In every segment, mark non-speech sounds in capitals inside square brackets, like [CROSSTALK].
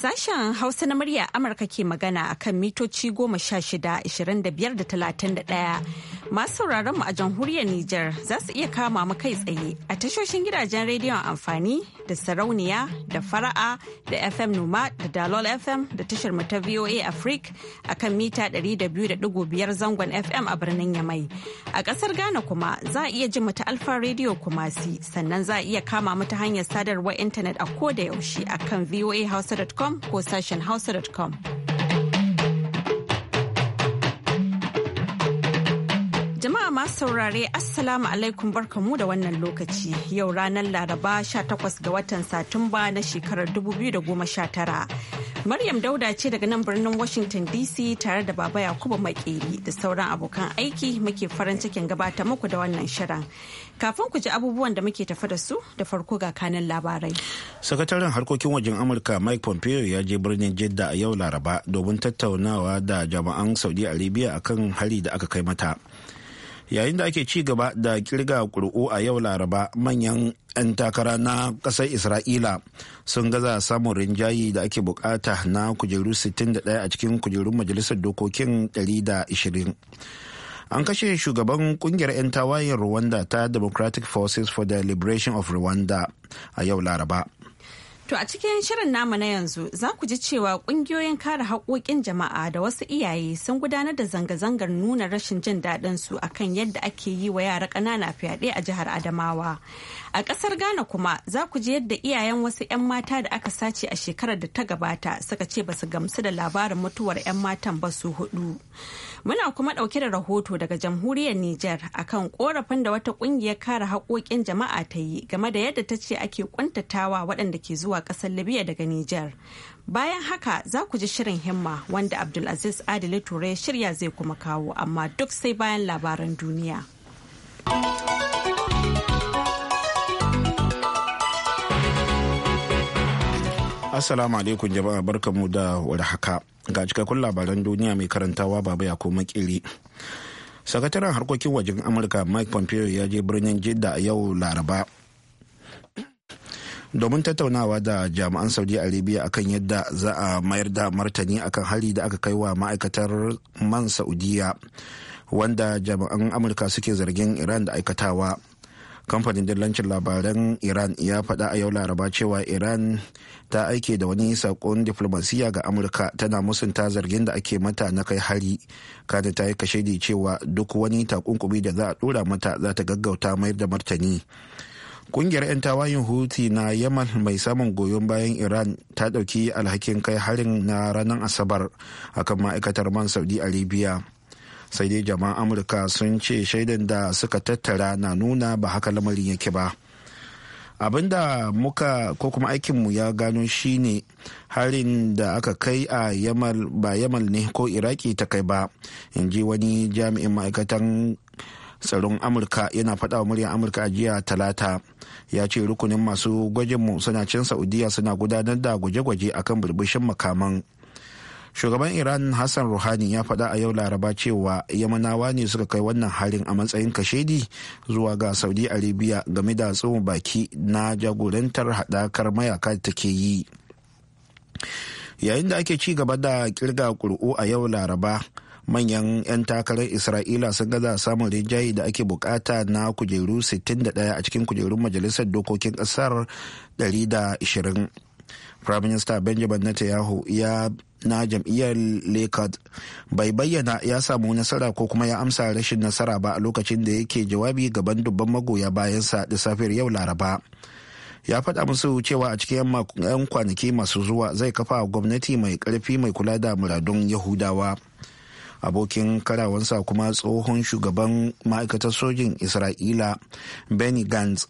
Sashen Hausa na murya Amurka ke magana akan mitoci goma sha shida, ashirin da biyar da talatin da ɗaya. Masu sauraron mu a jamhuriyar Nijar za su iya kama mu kai tsaye a tashoshin gidajen rediyon amfani da sarauniya da fara'a da FM Numa da Dalol FM da tashar mu ta VOA Africa a kan mita 200.5 zangon FM a birnin Yamai. A kasar Ghana kuma za a iya ji mu ta Alfa Radio Kumasi sannan za a iya kama mu ta hanyar sadarwar intanet a koda yaushe a kan voahausa.com ko sashen hausa.com. masu saurare Assalamu alaikum barkamu da wannan lokaci yau ranar Laraba 18 ga watan Satumba na shekarar 2019. Maryam Dauda ce daga nan birnin Washington DC tare da Baba Yakubu Makeri da sauran abokan aiki muke farin cikin gabata muku da wannan shirin. Kafin ku ji abubuwan da muke tafi da su da farko ga kanan labarai. Sakataren harkokin wajen Amurka Mike Pompeo ya je birnin Jeddah a yau Laraba domin tattaunawa da jama'an Saudi Arabia akan hari da aka kai mata. yayin da ake ci gaba da kirga kur'u a yau laraba manyan 'yan takara na ƙasar isra'ila sun gaza samun rinjayi da ake bukata na kujeru 61 a cikin kujerun majalisar dokokin 120 an kashe shugaban kungiyar 'yan tawayen rwanda ta democratic forces for the liberation of rwanda a yau laraba To a cikin shirin namu na yanzu za ku ji cewa kungiyoyin kare haƙoƙin jama'a da wasu iyaye sun gudanar da zanga-zangar nuna rashin jin daɗin su akan yadda ake yi wa yara ƙanana fyaɗe a jihar Adamawa. A ƙasar Ghana kuma za ku ji yadda iyayen wasu 'yan mata da aka sace a shekarar da ta gabata suka ce ba su gamsu da labarin mutuwar 'yan matan ba su hudu. Muna kuma ɗauke da rahoto daga jamhuriyar Nijar akan korafin da wata ƙungiyar kare haƙoƙin jama'a ta yi game da yadda ta ce ake ƙuntatawa waɗanda ke zuwa ƙasar Libya daga Nijar. Bayan haka za ku ji shirin himma wanda Abdulaziz Adili Ture shirya zai kuma kawo amma duk sai bayan labaran duniya. Assalamu alaikum jama'a barkamu da warhaka. haka. ga cikakkun labaran duniya mai karantawa baba ya koma kiri sakataren harkokin wajen amurka mike pompeo ya je birnin jidda a yau laraba domin tattaunawa da jami'an saudi arabia akan yadda za a mayar da martani akan hali da aka kai wa ma'aikatar man saudiya wanda jami'an amurka suke zargin iran da aikatawa kamfanin dillancin labaran iran ya faɗa a yau laraba cewa iran ta aike da wani sakon diflomasiyya ga amurka tana musunta zargin da ake mata na kai hari kada ta yi kashe da cewa duk wani takunkumi da za a dora mata za ta gaggauta mayar da martani kungiyar 'yan tawayin huti na yaman mai samun goyon bayan iran ta ɗauki alhakin kai harin na ranar asabar a kan ma'aikatar man saudi arabia sai dai jama'an amurka sun ce shaidan da suka tattara na nuna ba haka lamarin yake ba. abinda muka ko kuma aikinmu ya gano shine harin da aka kai a yamal ba yamal ne ko iraki ta kai ba in ji wani jami'in ma'aikatan tsaron amurka yana faɗa wa muryar amurka a jiya talata ya ce rukunin masu gwajinmu suna cin saudiya suna gudanar da gwaje-gwaje akan burbushin makaman shugaban iran hassan Rouhani ya faɗa a yau laraba cewa yamanawa ne suka kai wannan harin a matsayin kashedi zuwa ga saudi arabia game da tsohon baki na jagorantar haɗakar mayaka da take yi yayin da ake ci gaba da kirga ƙuri'u a yau laraba manyan 'yan takarar isra'ila sun gaza samun rinjaye da ake bukata na kujeru 61 a cikin kujerun majalisar dokokin ƙasar 120 prime minister benjamin netanyahu ya na jam'iyyar lakard bai bayyana ya samu nasara ko kuma ya amsa rashin nasara ba a lokacin da yake jawabi gaban dubban magoya bayansa da safiyar yau laraba ya faɗa musu cewa a cikin 'yan kwanaki masu zuwa zai kafa gwamnati mai ƙarfi mai kula da muradun yahudawa abokin karawansa kuma tsohon shugaban ma'aikatar sojin isra'ila benny gantz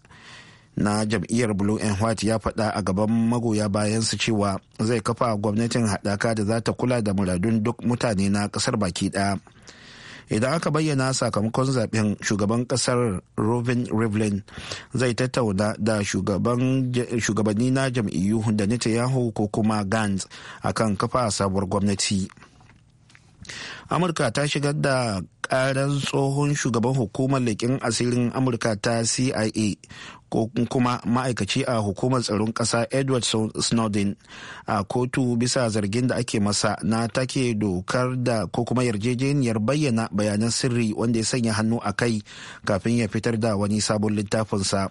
na jam'iyyar blue and white ya faɗa a gaban magoya bayansu cewa zai kafa gwamnatin haɗaka da za ta kula da muradun duk mutane na ƙasar baki ɗaya idan aka bayyana sakamakon zaben shugaban ƙasar robin rivlin zai tattauna da shugabanni na jam'iyyu da netanyahu ko kuma gans akan kafa sabuwar gwamnati. amurka ta shigar da karar tsohon shugaban hukumar leƙin asirin amurka ta cia ko kuma ma'aikaci a hukumar tsaron ƙasa edward snowden a kotu bisa zargin da ake masa na take dokar da ko kuma yarjejeniyar bayyana bayanan sirri wanda ya sanya hannu a kai kafin ya fitar da wani sabon littafinsa.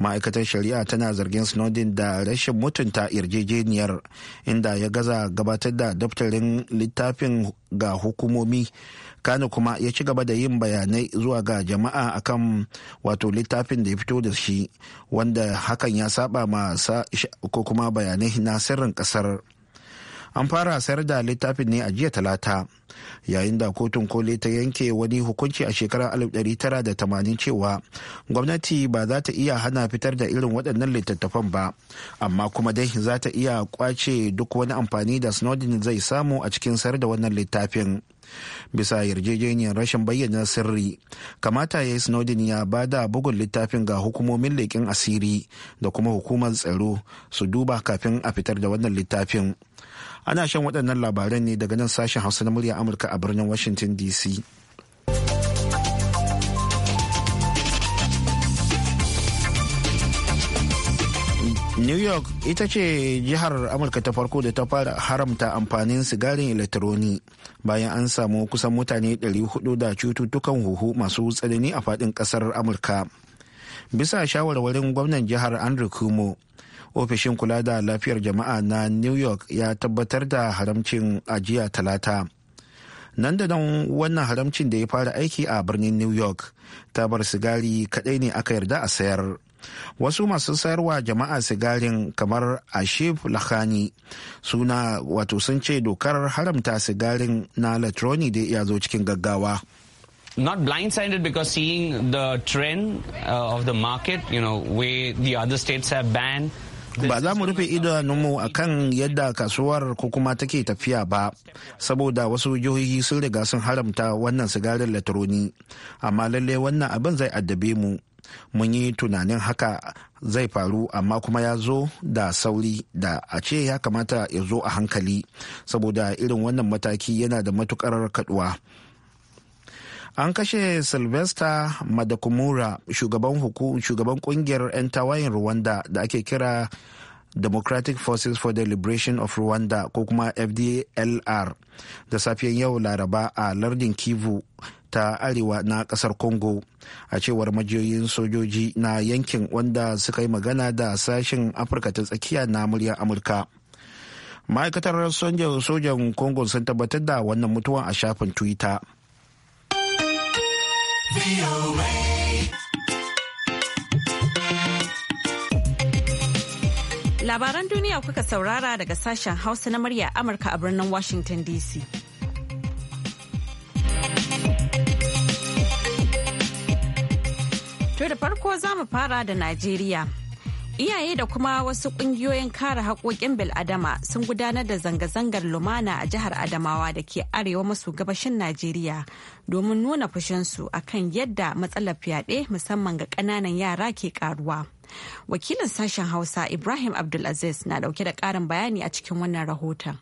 ma'aikatar shari'a tana zargin snowden da rashin mutunta yarjejeniyar inda ya gaza gabatar da daftarin littafin ga hukumomi kano kuma ya ci gaba da yin bayanai zuwa ga jama'a akan wato littafin da ya fito da shi wanda hakan ya saba ma ko kuma bayanai na sirrin kasar an fara sayar da littafin ne a jiya talata yayin da kotun koli ta yanke wani hukunci a shekarar 1980 cewa gwamnati ba za ta iya hana fitar da irin waɗannan littattafan ba amma kuma dai za ta iya kwace duk wani amfani da snowden zai samu a cikin sayar da wannan littafin bisa yarjejeniyar rashin bayyana sirri kamata ya yi snowden ya ba da bugun littafin ga hukumomin leƙin asiri da kuma hukumar tsaro su duba kafin a fitar da wannan littafin ana shan waɗannan labaran ne daga nan sashen hausa na murya amurka a birnin washington dc new york ita ce jihar amurka ta farko da ta fara haramta amfanin sigarin elektroni bayan an samu kusan mutane 400 da cututtukan huhu masu tsanani a faɗin ƙasar amurka bisa shawarwarin gwamnan jihar andrew kumo ofishin kula da lafiyar jama'a na new york ya tabbatar da haramcin ajiya talata nan da nan wannan haramcin da ya fara aiki a birnin new york ta bar sigari kadai ne aka yarda a sayar wasu masu sayarwa jama'a sigarin kamar ashif lakhani suna wato sun ce dokar haramta sigarin na latroni da ya zo cikin gaggawa not blindsided because seeing the trend uh, of the market, you know, where the other states have banned ba za mu rufe idanunmu a kan yadda kasuwar ko kuma take tafiya ba saboda wasu jihohi sun riga sun haramta wannan sigarin latroni amma lallai wannan abin zai addabe mu mun yi tunanin haka zai faru amma kuma ya zo da sauri da a ce ya kamata ya zo a hankali saboda irin wannan mataki yana da matukar kaduwa an kashe sylvester madakumura shugaban shugaban kungiyar 'yan tawayin rwanda da ake kira democratic forces for the liberation of rwanda ko kuma fdlr da safiyan yau laraba a lardin kivu ta arewa na kasar congo a cewar majiyoyin sojoji na yankin wanda suka yi magana da sashen afirka ta tsakiya na muryar amurka ma'aikatar sojan congo sun tabbatar da wannan mutuwa a shafin twitter Labaran duniya kuka saurara daga sashen Hausa na murya Amurka a birnin Washington DC. To da farko za mu fara da Najeriya. Iyaye da kuma wasu ƙungiyoyin kare haƙoƙin bil'adama sun gudanar da zanga-zangar lumana a jihar Adamawa da ke arewa maso gabashin Najeriya domin nuna fushinsu akan yadda matsalar fyaɗe musamman ga ƙananan yara ke ƙaruwa. wakilin sashen hausa ibrahim abdulaziz na ɗauke da ƙarin bayani a cikin wannan rahoton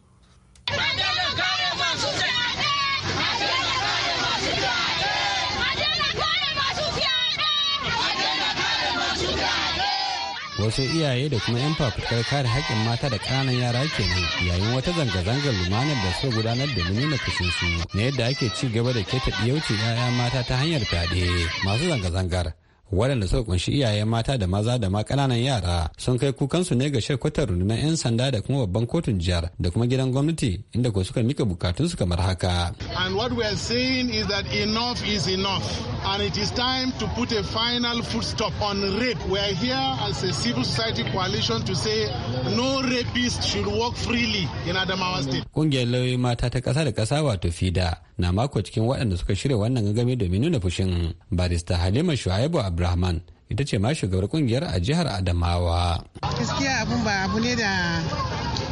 wasu iyaye da kuma 'yan fafutukar kare haƙƙin mata da ƙananan yara kenan yayin wata zanga-zangar lumanar da suka gudanar da nuna su na yadda ake ci gaba da keta ɗiyauci 'ya'ya mata ta hanyar fyaɗe masu zanga-zangar waɗanda suka kunshi iyaye mata da maza da ma ƙananan yara sun kai kukansu ne ga shekwatar rundunar 'yan sanda da kuma babban kotun jihar da kuma gidan gwamnati inda ko suka mika bukatunsu kamar haka. And what we are saying is that enough is enough and it is time to put a final foot stop on rape. We are here as a civil society coalition to say no rapist should walk freely in Adamawa state. Kungiyar lauyoyi mata ta ƙasa da ƙasa wato FIDA na mako cikin waɗanda suka shirya wannan gangami domin nuna fushin barista halima shu'aibu abrahman ita ce ma shugabar kungiyar a jihar adamawa gaskiya abun ba abu ne da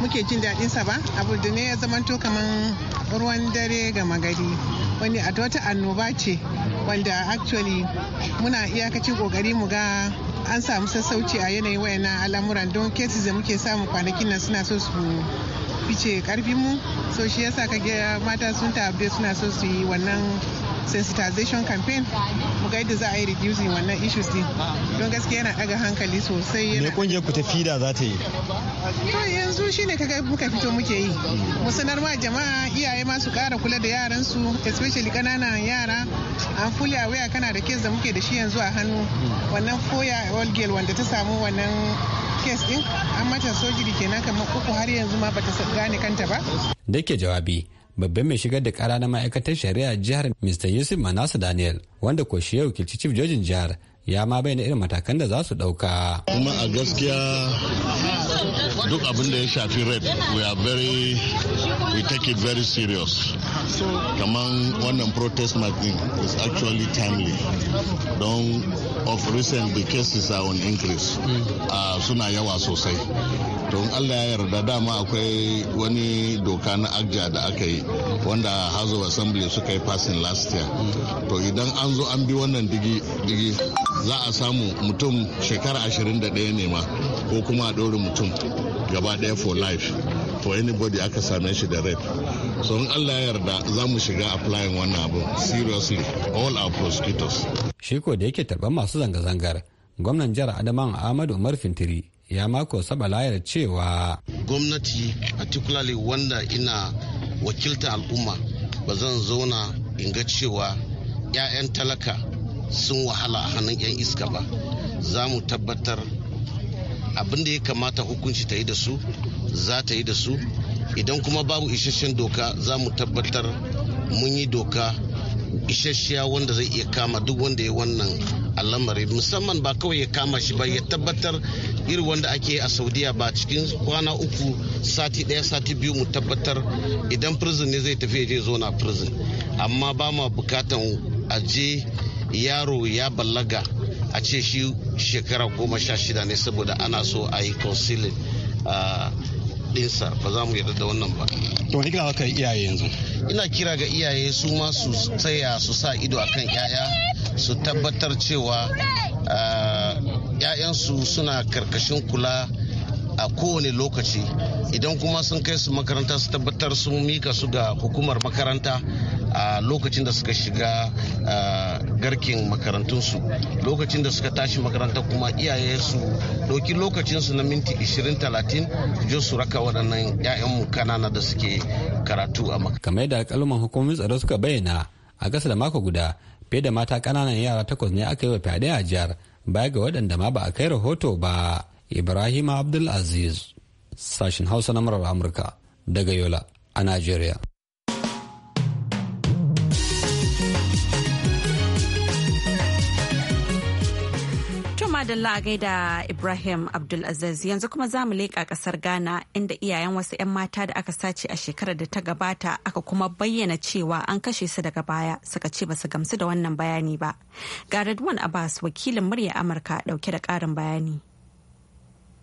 muke jin daɗin sa ba abu da ne ya zamanto kaman ruwan dare ga magari wani a wata annoba ce wanda actually muna iyakacin kokari mu ga an samu sassauci a yanayin wayannan al'amuran don kesis da muke samu kwanakin nan suna so su fice karfinmu so shi yasa ga mata sun tabe suna so su yi wannan sensitization campaign mu ga yadda za a yi reducing wannan issues din don gaskiya yana daga hankali sosai me kungiyar ku ta fida za ta yi to yanzu shine kaga muka fito muke yi mu sanar ma jama'a iyaye ma su kara kula da yaran su especially kananan yara an fully aware kana da kes da muke da shi yanzu a hannu wannan foya all girl wanda ta samu wannan kes din an mata sojiri kenan kamar uku har yanzu ma bata gane kanta ba da ke jawabi babban mai shigar da kara na ma'aikatar shari'a jihar mr yusuf manasa daniel wanda ko shi ya wakilci chief jojin jihar ya ma bayyana irin matakan da za su dauka kuma a gaskiya duk abin da ya shafi red we are very we take it very serious kaman wannan protest marching is actually timely don of recent the cases are on increase uh, suna yawa sosai don allah ya yarda dama akwai wani doka na agja da aka yi wanda house of assembly suka yi passing last year mm. to idan an zo an bi wannan digi digi za a samu mutum shekara 21 ne ma ko kuma a ɗori mutum gaba daya for life to anybody aka same shi da rape so in allah ya yarda za mu shiga applying wannan abu seriously all our prosecutors shi ko da yake tarban masu zanga-zangar gwamnan jihar adaman ahmadu umar fintiri ya mako saba layar cewa gwamnati particularly wanda ina wakiltar al'umma ba zan zauna in ga cewa 'ya'yan talaka sun wahala a hannun 'yan iska ba za mu tabbatar abin da ya kamata hukunci ta yi da su za ta yi da su idan kuma babu isasshen doka za mu tabbatar mun yi doka isasshiya wanda zai iya kama duk wanda ya wannan al'amari musamman ba kawai ya kama shi ba ya tabbatar irin wanda ake a saudiya ba cikin kwana uku sati daya sati biyu mu tabbatar idan prison ne zai tafi je zo na prison amma ba ma bukatan aje yaro ya ballaga a ce shi shekara goma sha shida ne saboda ana so a yi concealing ah, nesa ba za mu yarda da wannan ba. To ni kira iyaye yanzu? Ina kira ga iyaye su ma su tsaya su sa ido akan 'ya'ya su tabbatar cewa ah, 'ya'yansu suna karkashin kula a kowane lokaci idan kuma sun kai su makaranta su tabbatar sun mika su ga hukumar makaranta a lokacin da suka shiga garkin makarantunsu lokacin da suka tashi makaranta kuma iyaye su ɗauki lokacinsu na minti 20-30 je su raka waɗannan 'ya'yanmu kanana da suke karatu a makaranta. kamar yadda alƙaluman hukumomin tsaro suka bayyana a gasa da mako guda fiye da mata kananan yara takwas ne aka yi wa fyaɗe a jihar baya ga waɗanda ma ba a kai rahoto ba ibrahim abdulaziz sashen hausa na murar amurka daga yola a najeriya madalla a gaida Ibrahim Abdulaziz yanzu kuma za mu leƙa ƙasar Ghana inda iyayen wasu 'yan mata da aka sace a shekarar da ta gabata aka kuma bayyana cewa an kashe su daga baya suka ce ba su gamsu da wannan bayani ba. Ga Redwan Abbas wakilin murya Amurka ɗauke da ƙarin bayani.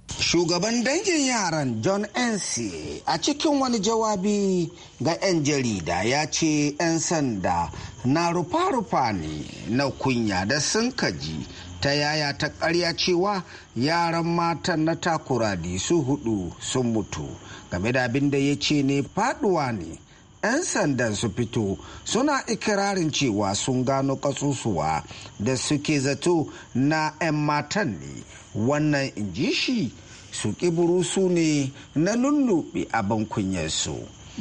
Shugaban dangin yaran John NC a cikin wani jawabi ga 'yan jarida ya ce 'yan sanda na rufa-rufa ne na kunya da sun kaji ta yaya ta karya cewa yaran matan na takura takuradi su hudu sun mutu game da abin da ya ce ne faduwa ne 'yan sandan su fito suna ikirarin cewa sun gano kasusuwa da suke zato na 'yan matan ne wannan in ji shi su kiburu su ne na lullube abin kunyarsu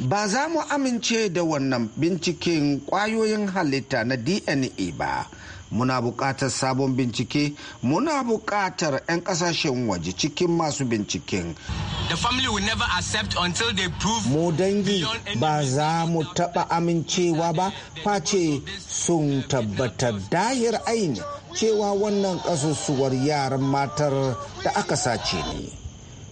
ba za mu amince da wannan binciken kwayoyin halitta na dna ba muna buƙatar sabon bincike muna buƙatar 'yan ƙasashen waje cikin masu binciken mu dangi ba za mu taɓa amincewa ba face sun tabbatar dahir aini cewa wannan ƙasusuwar yaran matar da aka sace ne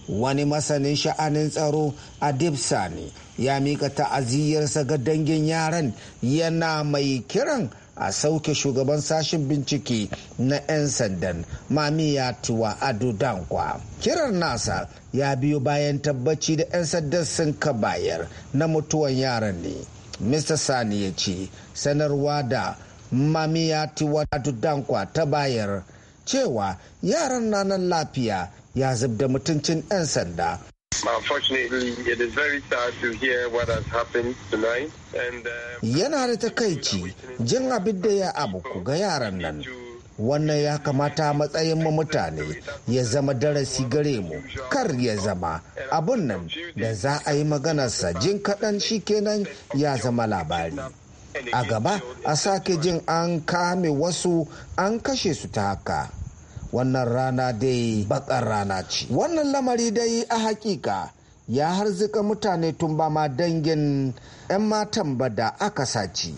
wani masanin sha'anin tsaro a dipsa ne ya mika ta'aziyyarsa ga dangin yaran yana mai kiran a sauke shugaban sashen bincike na 'yan sandan mamiya tuwa ado dankwa kiran nasa ya biyo bayan tabbaci da 'yan sandan sun ka bayar na mutuwan yaran ne mr sani ya ce sanarwa da mamiya tuwa ado dankwa ta bayar cewa yaran na nan lafiya ya zub da mutuncin 'yan sanda Uh, Yana da takaici jin abin da ya abu ku ga yaran nan. Wannan ya kamata matsayin mu mutane ya zama darasi gare mu kar ya zama abun nan da za a yi maganarsa jin kaɗan shi kenan ya zama labari. A gaba a sake jin an kame wasu an kashe su ta haka. wannan rana dai bakar rana ce wannan lamari dai a hakika ya harzika mutane tun ba ma dangin 'yan matan ba da aka saci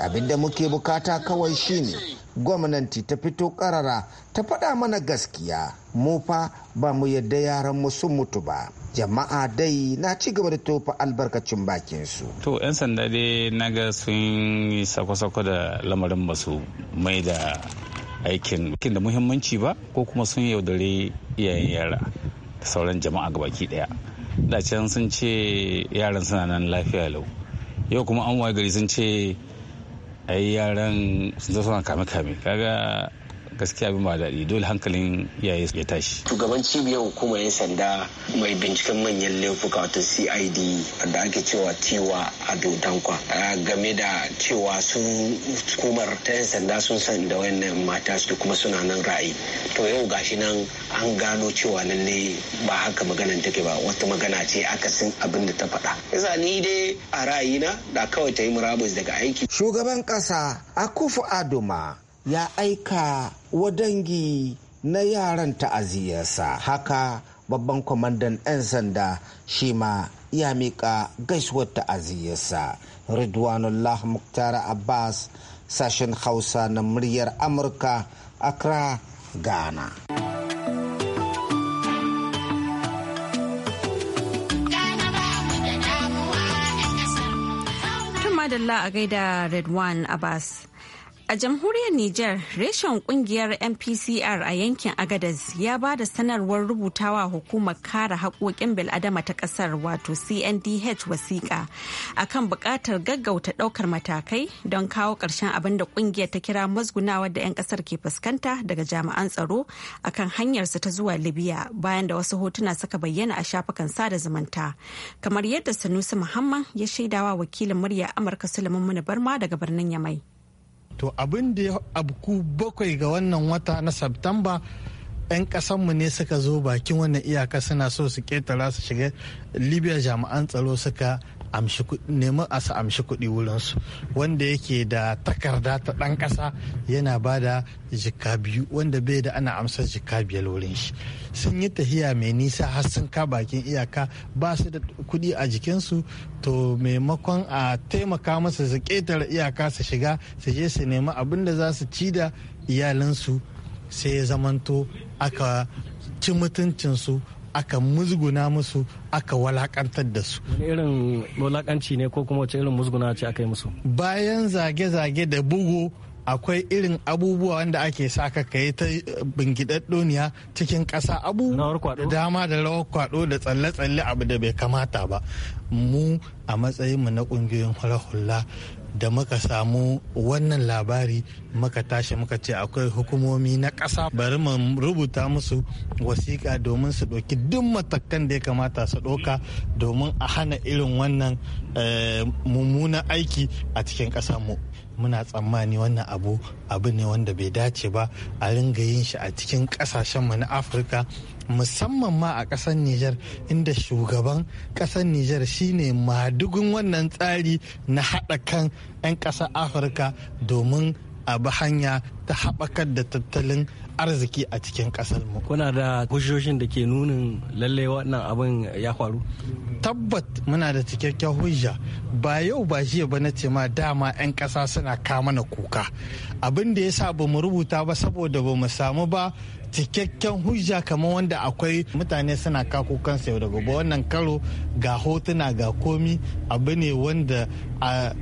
abinda muke bukata kawai shine gwamnati ta fito karara ta faɗa mana gaskiya mu fa ba mu yadda yaran sun mutu ba jama'a dai na ci gaba da tofa albarkacin bakin su to 'yan sanda dai naga sun yi sako-sako da lamarin masu mai da aikin da muhimmanci ba ko kuma sun yaudare iyayen yara da sauran jama'a gabaki daya da can sun ce yaran suna nan lafiya lau yau kuma an waye gari sun ce ai yaran sun zo suna kame kame kaga gaskiya abin ba daɗi dole hankalin yaye ya tashi shugaban cibiyar hukumar yan sanda mai binciken manyan laifuka wato cid da ake cewa cewa a kwa. game da cewa sun hukumar ta yan sanda sun san da wannan mata su kuma suna nan ra'ayi to yau gashi nan an gano cewa lalle ba haka maganan take ba wata magana ce aka akasin abin da ta faɗa yasa ni dai a ra'ayina da kawai ta yi murabus daga aiki shugaban ƙasa akufu adoma ya aika wadangi na yaran ta'aziyarsa haka babban kwamandan 'yan sanda shi ma ya miƙa gaisuwar ta'aziyarsa ridwanullah muktar abbas sashen hausa na muryar amurka accra ghana madalla a gaida redwan abbas A jamhuriyar Nijar, reshen kungiyar MPCR a yankin Agadez ya ba da sanarwar rubutawa hukumar kare haƙoƙin bil'adama ta ƙasar wato CNDH wasiƙa a kan buƙatar gaggauta ɗaukar matakai don kawo ƙarshen abin da kungiyar ta kira mazgunawa da 'yan ƙasar ke fuskanta daga jami'an tsaro a kan hanyarsa ta zuwa Libya bayan da wasu hotuna suka bayyana a shafukan sada zumunta. Kamar yadda Sanusi Muhammad ya shaidawa wakilin murya Amurka Sulaiman Muni Barma daga birnin Yamai. to abin da ya abku bakwai ga wannan wata na satumba 'yan kasanmu ne suka zo bakin wannan iyaka suna so su ketara su shiga libya jami'an tsaro suka nemi a su amshi kuɗi wurinsu wanda yake da takarda ta ɗan ƙasa yana ba da jika biyu wanda bai da ana amsa jika biyar wurin shi sun yi tahiya mai nisa har sun ka bakin iyaka ba su da kuɗi a jikinsu to maimakon a taimaka masa su ƙetare iyaka su shiga su je su nemi abin da za su ci da iyalinsu sai ya zamanto aka ci mutuncinsu aka muzguna musu aka walakantar da su. irin walakanci ne ko kuma wace irin musguna ce aka yi musu? Bayan zage-zage da bugu akwai irin abubuwa wanda ake sa ka kai ta bingidaddoniya cikin ƙasa abu da dama da rawar kwado da tsalle-tsalle abu da bai kamata ba mu a matsayin mu na ƙungiyoyin hula da muka samu wannan labari muka tashi muka ce akwai hukumomi na ƙasa bari mu rubuta musu wasiƙa domin su ɗauki duk matakan da ya kamata su ɗauka domin a hana irin wannan eh, mummunan aiki a cikin mu muna tsammani wannan abu abu ne wanda bai dace ba a ringa yin shi a cikin ƙasashenmu na afirka musamman ma a ƙasar Nijar inda shugaban ƙasar Nijar shine madugun wannan tsari na haɗa kan 'yan ƙasar Afirka domin a bi hanya ta haɓakar da tattalin arziki a cikin ƙasar mu. Kuna da hujjoshin da ke nunin lalle wannan abin ya faru? Tabbat muna da cikakken hujja ba yau ba jiya ba na ce ma dama 'yan ƙasa suna kama na kuka. Abin da ya sa ba mu rubuta ba saboda ba mu samu ba cikakken hujja kamar wanda akwai mutane suna kako kansa yau da gobe wannan karo ga hotuna ga komi abu ne wanda a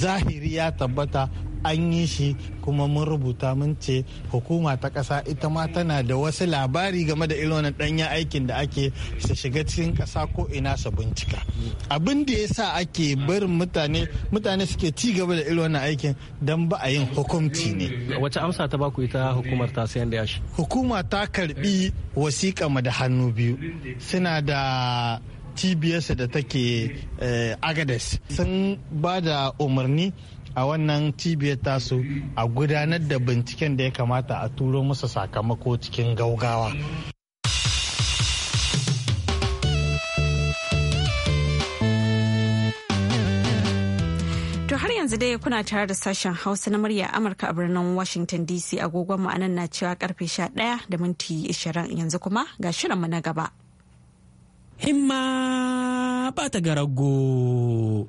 zahiri ya tabbata an yi shi kuma mun rubuta mun ce hukuma ta ƙasa ita ma tana da wasu labari game da irin danya aikin da ake su shiga cikin kasa ko ina su bincika abin da ya ake barin mutane mutane suke ci gaba da irin wannan aikin don ba a yin hukumci ne wace amsa ta baku ita hukumar ta sayan da yashi hukuma ta karbi wasiƙa da hannu biyu suna da cibiyarsa da take eh, agades sun ba da umarni a wannan cibiyar tasu a gudanar da binciken da ya kamata a turo musu sakamako cikin gaugawa To har yanzu dai kuna tare da sashen Hausa na murya Amurka a birnin Washington DC agogon mu anan na cewa karfe 11 da minti 20 yanzu kuma ga shirinmu na gaba. Himma ba ta garago.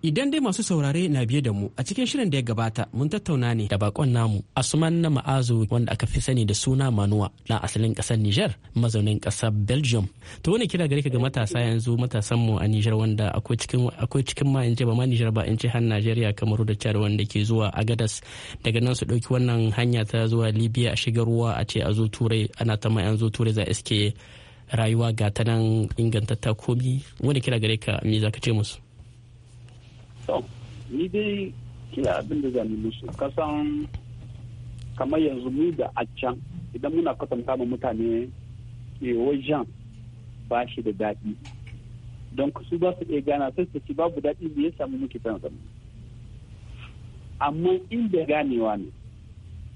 Idan dai masu saurare na biye da mu a cikin shirin da ya gabata mun tattauna ne da bakon namu Asuman na Ma'azu wanda aka fi sani da suna Manuwa na asalin kasar nijar mazaunin kasar Belgium. To wani kira gare ka ga matasa yanzu matasan mu a nijar wanda akwai cikin akwai cikin ma in ce ba ma nijar ba in ce har Najeriya kamar da Chad wanda ke zuwa Agadas daga nan su dauki wannan hanya ta zuwa Libya a shiga ruwa a ce a zo Turai ana ta ma yanzu Turai za iske rayuwa ga ta nan inganta takobi wani kira gare ka me zaka ce musu? to ni dai kila abin da zan musu kasan kamar yanzu mu da a can idan muna kwatanta ma mutane eh, wajen ba shi da daɗi don su ba su iya gana sai su ci babu daɗi da ya samu muke san zama amma inda ganewa ne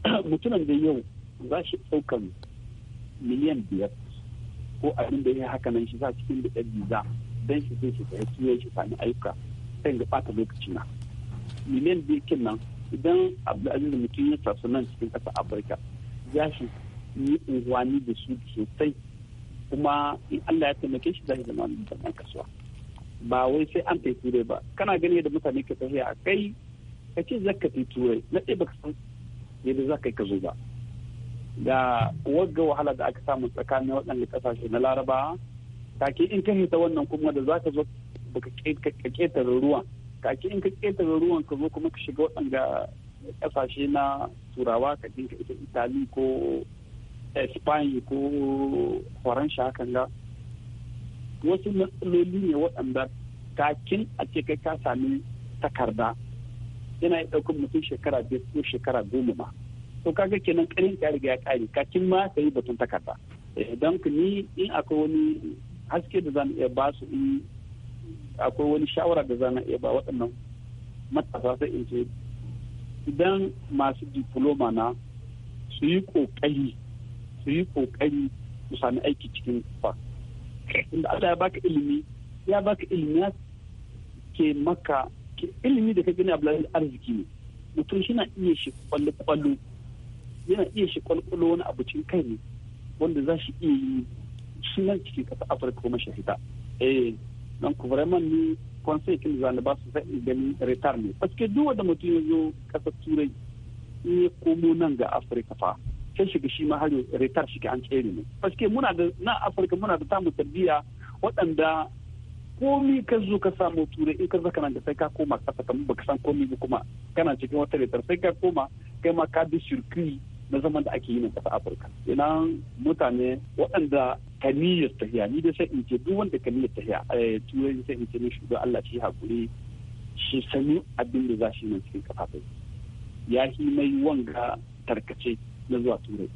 [CLEARS THROAT] mutumin da yau za shi ɗaukar miliyan biyar ko abin da ya haka nan shi za cikin da ɗan biza don shi sai shi yi shi sami ayyuka sai ga bata lokaci na miliyan biyu kenan idan abdulaziz mutum ya tafi nan cikin kasa afirka ya shi yi unguwanni da su sosai kuma in allah ya taimake shi zai zama musamman kasuwa ba wai sai an tafi turai ba kana gani yadda mutane ke tafiya a kai ka ce za ka turai na ɗaya baka san yadda za ka yi ka zo ba da wagga wahala da aka samu tsakanin waɗanda ƙasashe na laraba take in ka hita wannan kuma da za ka zo baka ketare ruwan kake in ka ketare ruwan ka zo kuma ka shiga waɗanda ƙasashe na turawa ka ka ita itali ko spain ko faransha hakan ga wasu matsaloli ne waɗanda kakin a ce kai ka sami takarda yana yi ɗaukar mutum shekara biyar ko shekara goma ma to kaga kenan ƙarin ka riga ya ƙare kakin ma ka yi batun takarda eh, don ni in akwai wani haske da zan iya ba su in akwai wani shawara da zana iya ba waɗannan matasa sai in ce idan masu diploma na su yi ƙoƙari su yi ƙoƙari su sami aiki cikin kufa inda Allah ya baka ilimi ya baka ilimi ya ke maka ke ilimi da ka gani abulayen arziki ne mutum shi na iya shi kwallo yana iya shi kwallo wani abincin kai ne wanda za shi iya yi shi nan cikin kasa afirka kuma shahida eh donc vraiment ni conseil kin zan ba su sai ganin retard ne parce que duk wanda mutum ya zo kasar turai in komo nan ga fa sai shi ma hali retard shi an tsere ne parce que muna da na afirka muna da tamu tarbiyya waɗanda komi ka zo ka samu turai in ka zaka nan da sai ka koma kasa kamar baka san komi ba kuma kana cikin wata retar sai ka koma kai ma ka bi circuit na zaman da ake yi na kasa afirka ina mutane waɗanda kaniyar tahiya ni da sai in ce duk wanda kaniyar tahiya a eh, turai sai in ce ne shugaban allah shi haƙuri shi sani abin da za shi nan cikin kafafai ya shi mai wanga tarkace na zuwa turai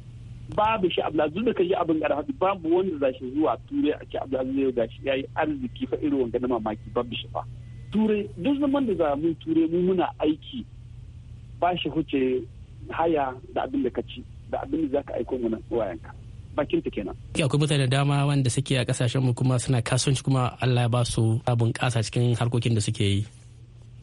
babu shi abdulaziz da kai abin gara hadu babu wanda za shi zuwa turai a ce abdulaziz ga shi ya yi arziki fa irin wanga na mamaki babu shi fa turai duk zaman da za mu turai mu muna aiki ba shi huce haya da abin da ka ci da abin da za ka aiko mana wayanka bakin ta kenan. akwai mutane da dama wanda suke a kasashen mu kuma suna kasuwanci kuma Allah ya ba su kasa cikin harkokin da suke yi.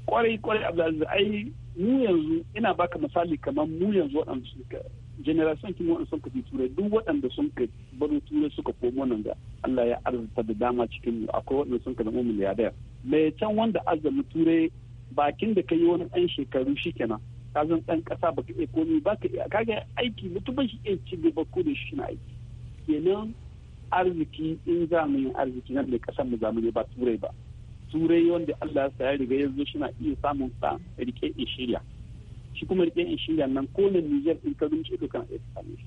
Kwarai kwarai Abdulaziz ai mu yanzu ina baka misali kamar mu yanzu waɗanda suka generation kin waɗanda sun kafi turai duk waɗanda sun ka baro turai suka komo nan da Allah ya arzuta da dama cikin mu akwai waɗanda sun ka zama miliyadaya. Mai can wanda arzami turai bakin da ka yi wani ɗan shekaru shi kenan kazan zan dan kasa baka iya komi baka iya kage aiki mutum ba shi iya ci gaba ko da shi na aiki kenan arziki in za mu yi arziki nan da kasan mu zamu ne ba turai ba turai wanda Allah ya ya riga yanzu na iya samun sa rike in shirya shi kuma rike in shirya nan ko na Niger in ka gunce to kana iya samun shi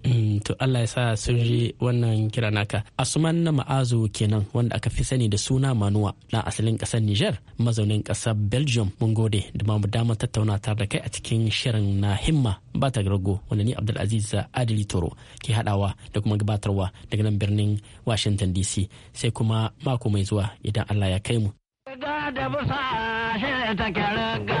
Mm, to Allah ya sa sun ji wannan kira naka Asuman na ma'azu kenan wanda aka fi sani da suna Manuwa na asalin kasar Niger mazaunin kasar Belgium mun gode da mu damar tattauna tare da kai a cikin shirin na himma ba ta gargo wanda ni Abdul Aziz Adili Toro ke hadawa da kuma gabatarwa daga nan birnin Washington DC sai kuma mako mai zuwa idan Allah ya kai mu da da busa shi ta kyara ga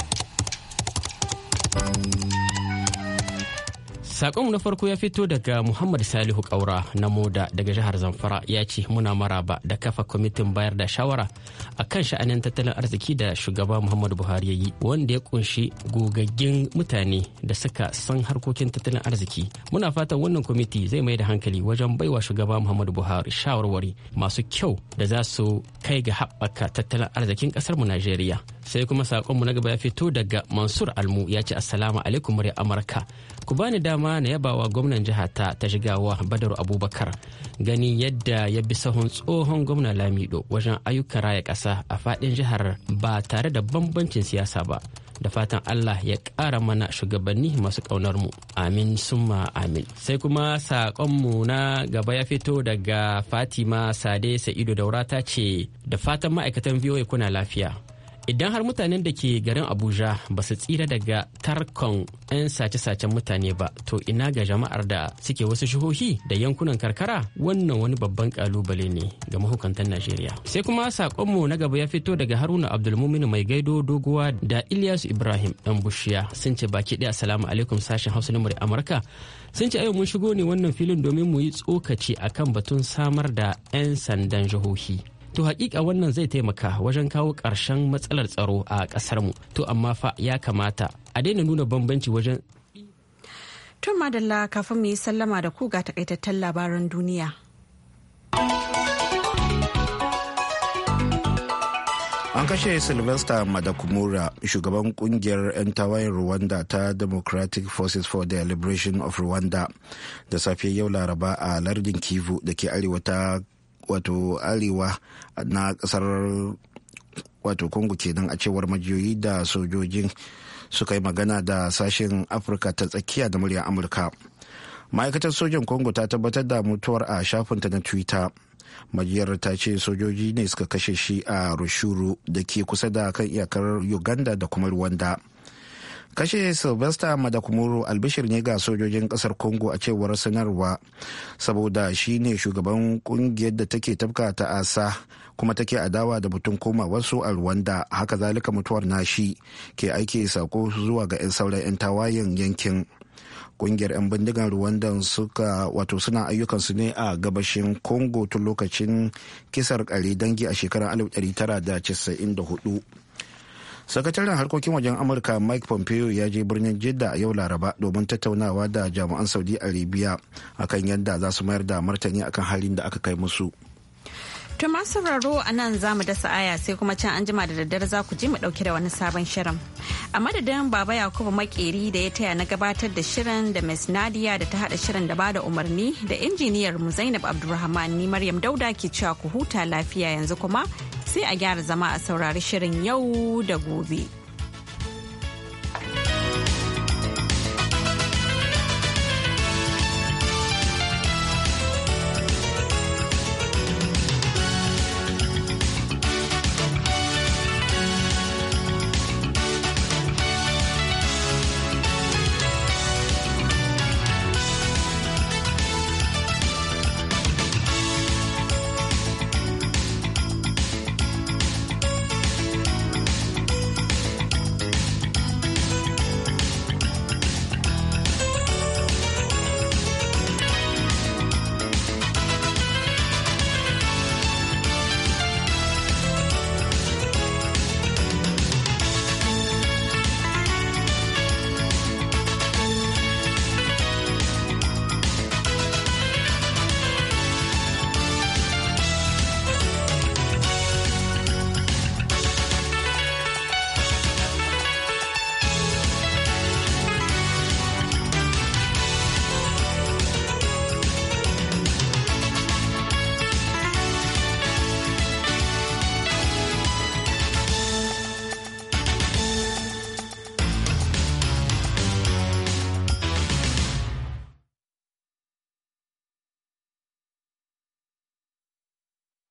Sakon na farko ya fito daga Muhammad Salihu Kaura na Moda daga jihar Zamfara ya ce muna maraba da kafa kwamitin bayar da shawara a kan sha'anin tattalin arziki da shugaba Muhammadu Buhari ya yi wanda ya kunshi gogaggin mutane da suka san harkokin tattalin arziki. Muna fatan wannan kwamiti zai mai da hankali wajen baiwa shugaba Muhammadu Buhari shawarwari masu kyau da za su kai ga haɓaka tattalin arzikin ƙasar mu Najeriya. Sai kuma sakonmu na gaba ya fito daga Mansur Almu ya ce Assalamu alaikum murya Amurka. ku bani dama na yabawa gwamnan jiha ta ta shigawa Badar abubakar gani yadda ya bi sahun tsohon gwamnan lamido wajen ayyukan raya ƙasa a faɗin jihar ba tare da bambancin siyasa ba da fatan Allah ya ƙara mana shugabanni masu ƙaunar mu amin summa amin sai kuma saƙonmu na gaba ya fito daga fatima sade sa'ido daura ta ce da fatan ma'aikatan biyoyi kuna lafiya idan har mutanen da ke garin abuja ba su tsira daga tarkon 'yan sace-sacen mutane ba to ina ga jama'ar da suke wasu shihohi da yankunan karkara wannan wani babban kalubale ne ga mahukantar najeriya sai kuma sakonmu na gaba ya fito daga haruna abdulmumin mai gaido doguwa da ilyasu ibrahim dan bushiya sun ce baki ɗaya assalamu alaikum sashen hausa numar amurka sun ce yau mun shigo ne wannan filin domin mu yi tsokaci akan batun samar da 'yan sandan jihohi to hakika wannan zai taimaka wajen kawo ƙarshen matsalar tsaro a ƙasarmu to amma fa ya kamata a daina nuna bambanci wajen tun madalla kafin mu yi sallama da ku ga takaitattun labaran duniya an kashe sylvester madakumura shugaban kungiyar 'yan tawayen rwanda ta democratic forces for the liberation of rwanda da safe yau laraba a lardin kivu da ke arewa ta wato arewa na kasar wato congo kenan a cewar majiyoyi da sojojin suka yi magana da sashen afirka ta tsakiya da muryar amurka ma'aikatar sojan congo ta tabbatar da mutuwar a shafinta na twitter majiyar ta ce sojoji ne suka kashe shi a rushuru da ke kusa da kan iyakar uganda da kuma rwanda kashe sylvester madakumuru albishir ne ga sojojin kasar congo a cewar sanarwa saboda shi ne shugaban kungiyar da take tafka ta asa kuma take adawa da mutum koma wasu a rwanda haka zalika mutuwar nashi ke aiki sako zuwa ga 'yan sauran 'yan tawayen yankin kungiyar 'yan bindigan rwanda suka wato suna ayyukansu ne a gabashin congo tun lokacin kisar kare dangi a shekarar 1994 sakataren harkokin wajen amurka mike pompeo ya je birnin jidda a yau laraba domin tattaunawa da jami'an saudi arabia akan yadda za su mayar da martani akan halin da aka kai musu to masu sauraro a nan za mu dasa aya sai kuma can an jima da daddare za ku ji mu dauke da wani sabon shirin a madadin baba yakubu makeri da ya taya na gabatar da shirin da miss nadia da ta hada shirin da bada umarni da injiniyar mu zainab abdulrahman ni maryam dauda ke cewa ku huta lafiya yanzu kuma sai a gyara zama a saurari shirin yau da gobe.